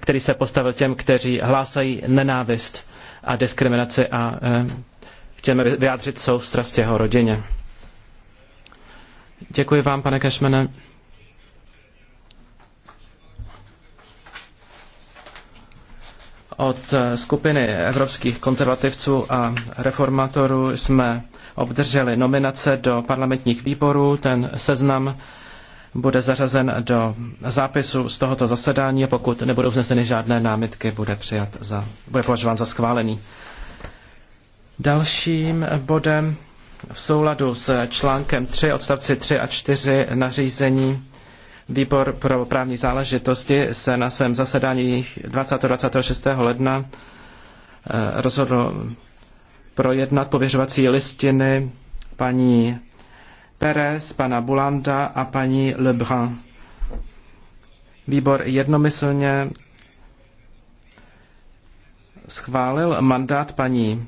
který se postavil těm, kteří hlásají nenávist a diskriminaci a eh, chtěme vyjádřit soustrast jeho rodině. Děkuji vám, pane Kešmene. Od eh, skupiny evropských konzervativců a reformátorů jsme obdrželi nominace do parlamentních výborů. Ten seznam bude zařazen do zápisu z tohoto zasedání a pokud nebudou vzneseny žádné námitky, bude, přijat za, bude považován za schválený. Dalším bodem v souladu s článkem 3 odstavci 3 a 4 nařízení Výbor pro právní záležitosti se na svém zasedání 20. 26. ledna eh, rozhodl projednat pověřovací listiny paní Pérez, pana Bulanda a paní Lebrun. Výbor jednomyslně schválil mandát paní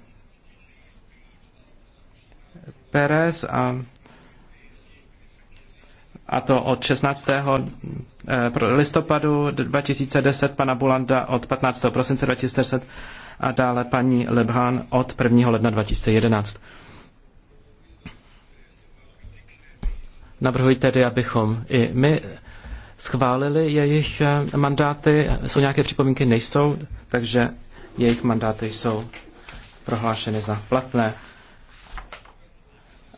Pérez a, a to od 16. Eh, listopadu 2010, pana Bulanda od 15. prosince 2010 a dále paní Lebrun od 1. ledna 2011. Navrhuji tedy, abychom i my schválili jejich eh, mandáty. Jsou nějaké připomínky? Nejsou, takže jejich mandáty jsou prohlášeny za platné.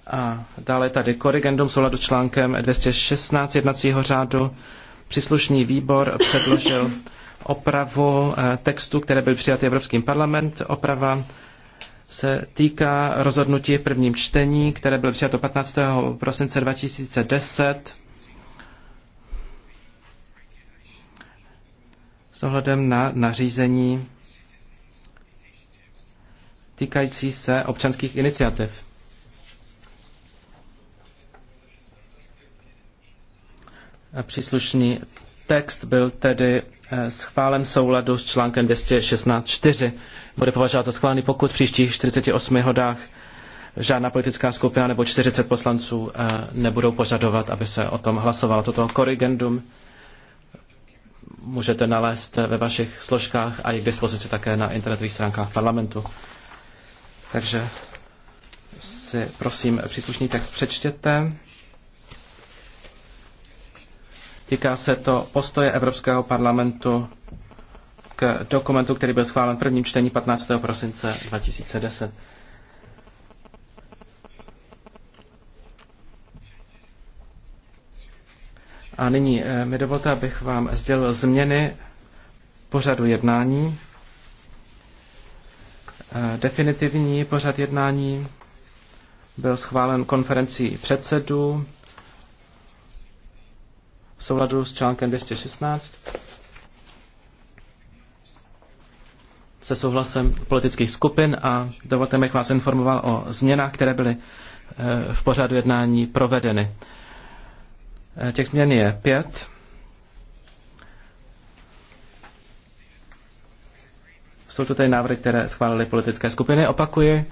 A dále tady korigendum souladu článkem 216 jednacího řádu. Příslušný výbor předložil opravu eh, textu, které byl přijat Evropským parlament. Oprava se týká rozhodnutí v prvním čtení, které bylo přijato 15. prosince 2010 s ohledem na nařízení týkající se občanských iniciativ. A příslušný Text byl tedy eh, schválen souladu s článkem 216.4. Bude považovat za schválený, pokud v příštích 48 hodách žádná politická skupina nebo 40 poslanců eh, nebudou požadovat, aby se o tom hlasovalo. Toto korrigendum můžete nalézt ve vašich složkách a je k dispozici také na internetových stránkách parlamentu. Takže si prosím příslušný text přečtěte. Týká se to postoje Evropského parlamentu k dokumentu, který byl schválen v prvním čtení 15. prosince 2010. A nyní eh, mi dovolte, abych vám sdělil změny pořadu jednání. Eh, definitivní pořad jednání byl schválen konferencí předsedů v souladu s článkem 216 se souhlasem politických skupin a dovolte mi, vás informoval o změnách, které byly eh, v pořadu jednání provedeny. Eh, těch změn je pět. Jsou to tedy návrhy, které schválily politické skupiny, opakuji.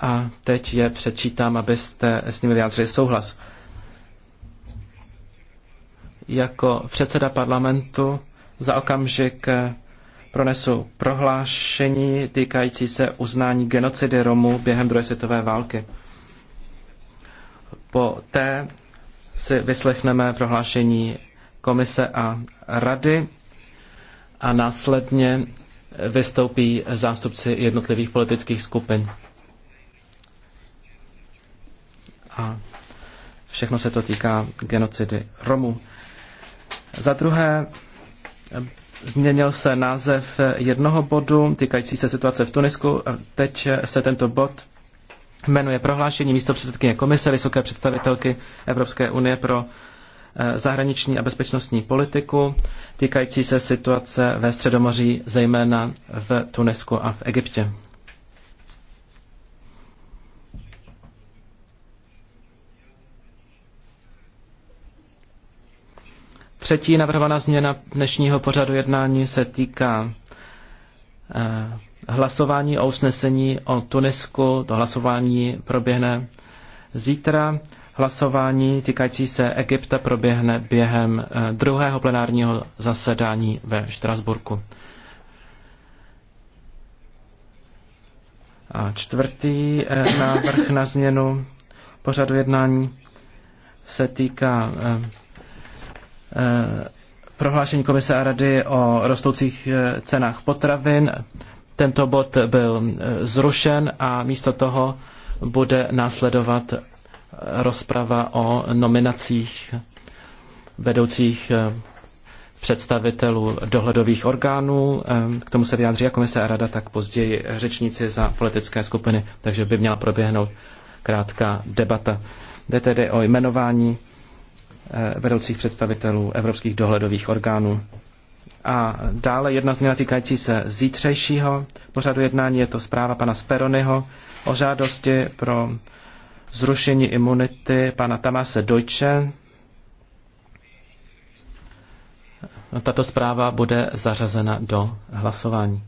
A teď je přečítám, abyste s nimi vyjádřili souhlas jako předseda parlamentu za okamžik pronesu prohlášení týkající se uznání genocidy Romů během druhé světové války. Po té si vyslechneme prohlášení komise a rady a následně vystoupí zástupci jednotlivých politických skupin. A všechno se to týká genocidy Romů. Za druhé, změnil se název jednoho bodu týkající se situace v Tunisku. Teď se tento bod jmenuje prohlášení místo předsedkyně komise Vysoké představitelky Evropské unie pro eh, zahraniční a bezpečnostní politiku týkající se situace ve Středomoří, zejména v Tunisku a v Egyptě. Třetí navrhovaná změna dnešního pořadu jednání se týká eh, hlasování o usnesení o Tunisku. To hlasování proběhne zítra. Hlasování týkající se Egypta proběhne během eh, druhého plenárního zasedání ve Štrasburku. A čtvrtý eh, návrh na změnu pořadu jednání se týká Eh, prohlášení komise a rady o rostoucích eh, cenách potravin. Tento bod byl eh, zrušen a místo toho bude následovat rozprava o nominacích vedoucích představitelů dohledových orgánů. K tomu se vyjádří jak komise a rada, tak později řečníci za politické skupiny, takže by měla proběhnout krátká debata. Jde tedy o jmenování Eh, vedoucích představitelů evropských dohledových orgánů. A dále jedna změna týkající se zítřejšího pořadu jednání je to zpráva pana Speronyho o žádosti pro zrušení imunity pana Tamase Deutsche. No, tato zpráva bude zařazena do hlasování,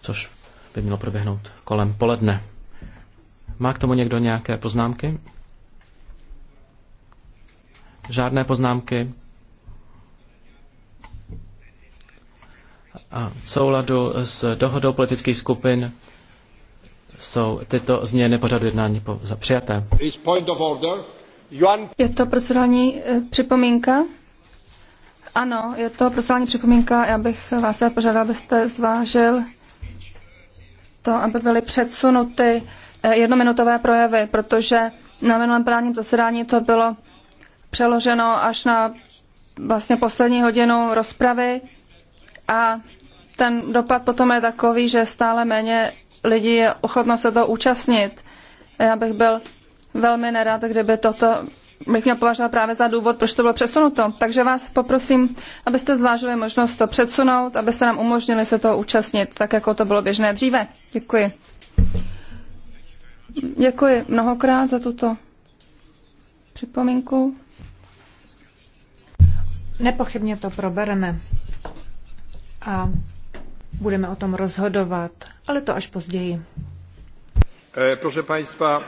což by mělo proběhnout kolem poledne. Má k tomu někdo nějaké poznámky? žádné poznámky. A v souladu s dohodou politických skupin jsou tyto změny pořadu jednání za přijaté. Je to procedurální eh, připomínka? Ano, je to procedurální připomínka. Já bych vás rád požádal, abyste zvážil to, aby byly předsunuty eh, jednominutové projevy, protože na minulém právním zasedání to bylo přeloženo až na vlastně poslední hodinu rozpravy a ten dopad potom je takový, že stále méně lidí je ochotno se to účastnit. Já bych byl velmi nerad, kdyby toto bych měl považovat právě za důvod, proč to bylo přesunuto. Takže vás poprosím, abyste zvážili možnost to předsunout, abyste nám umožnili se toho účastnit, tak jako to bylo běžné dříve. Děkuji. Děkuji mnohokrát za tuto připomínku? Nepochybně to probereme a budeme o tom rozhodovat, ale to až později. Eh, proszę Państwa.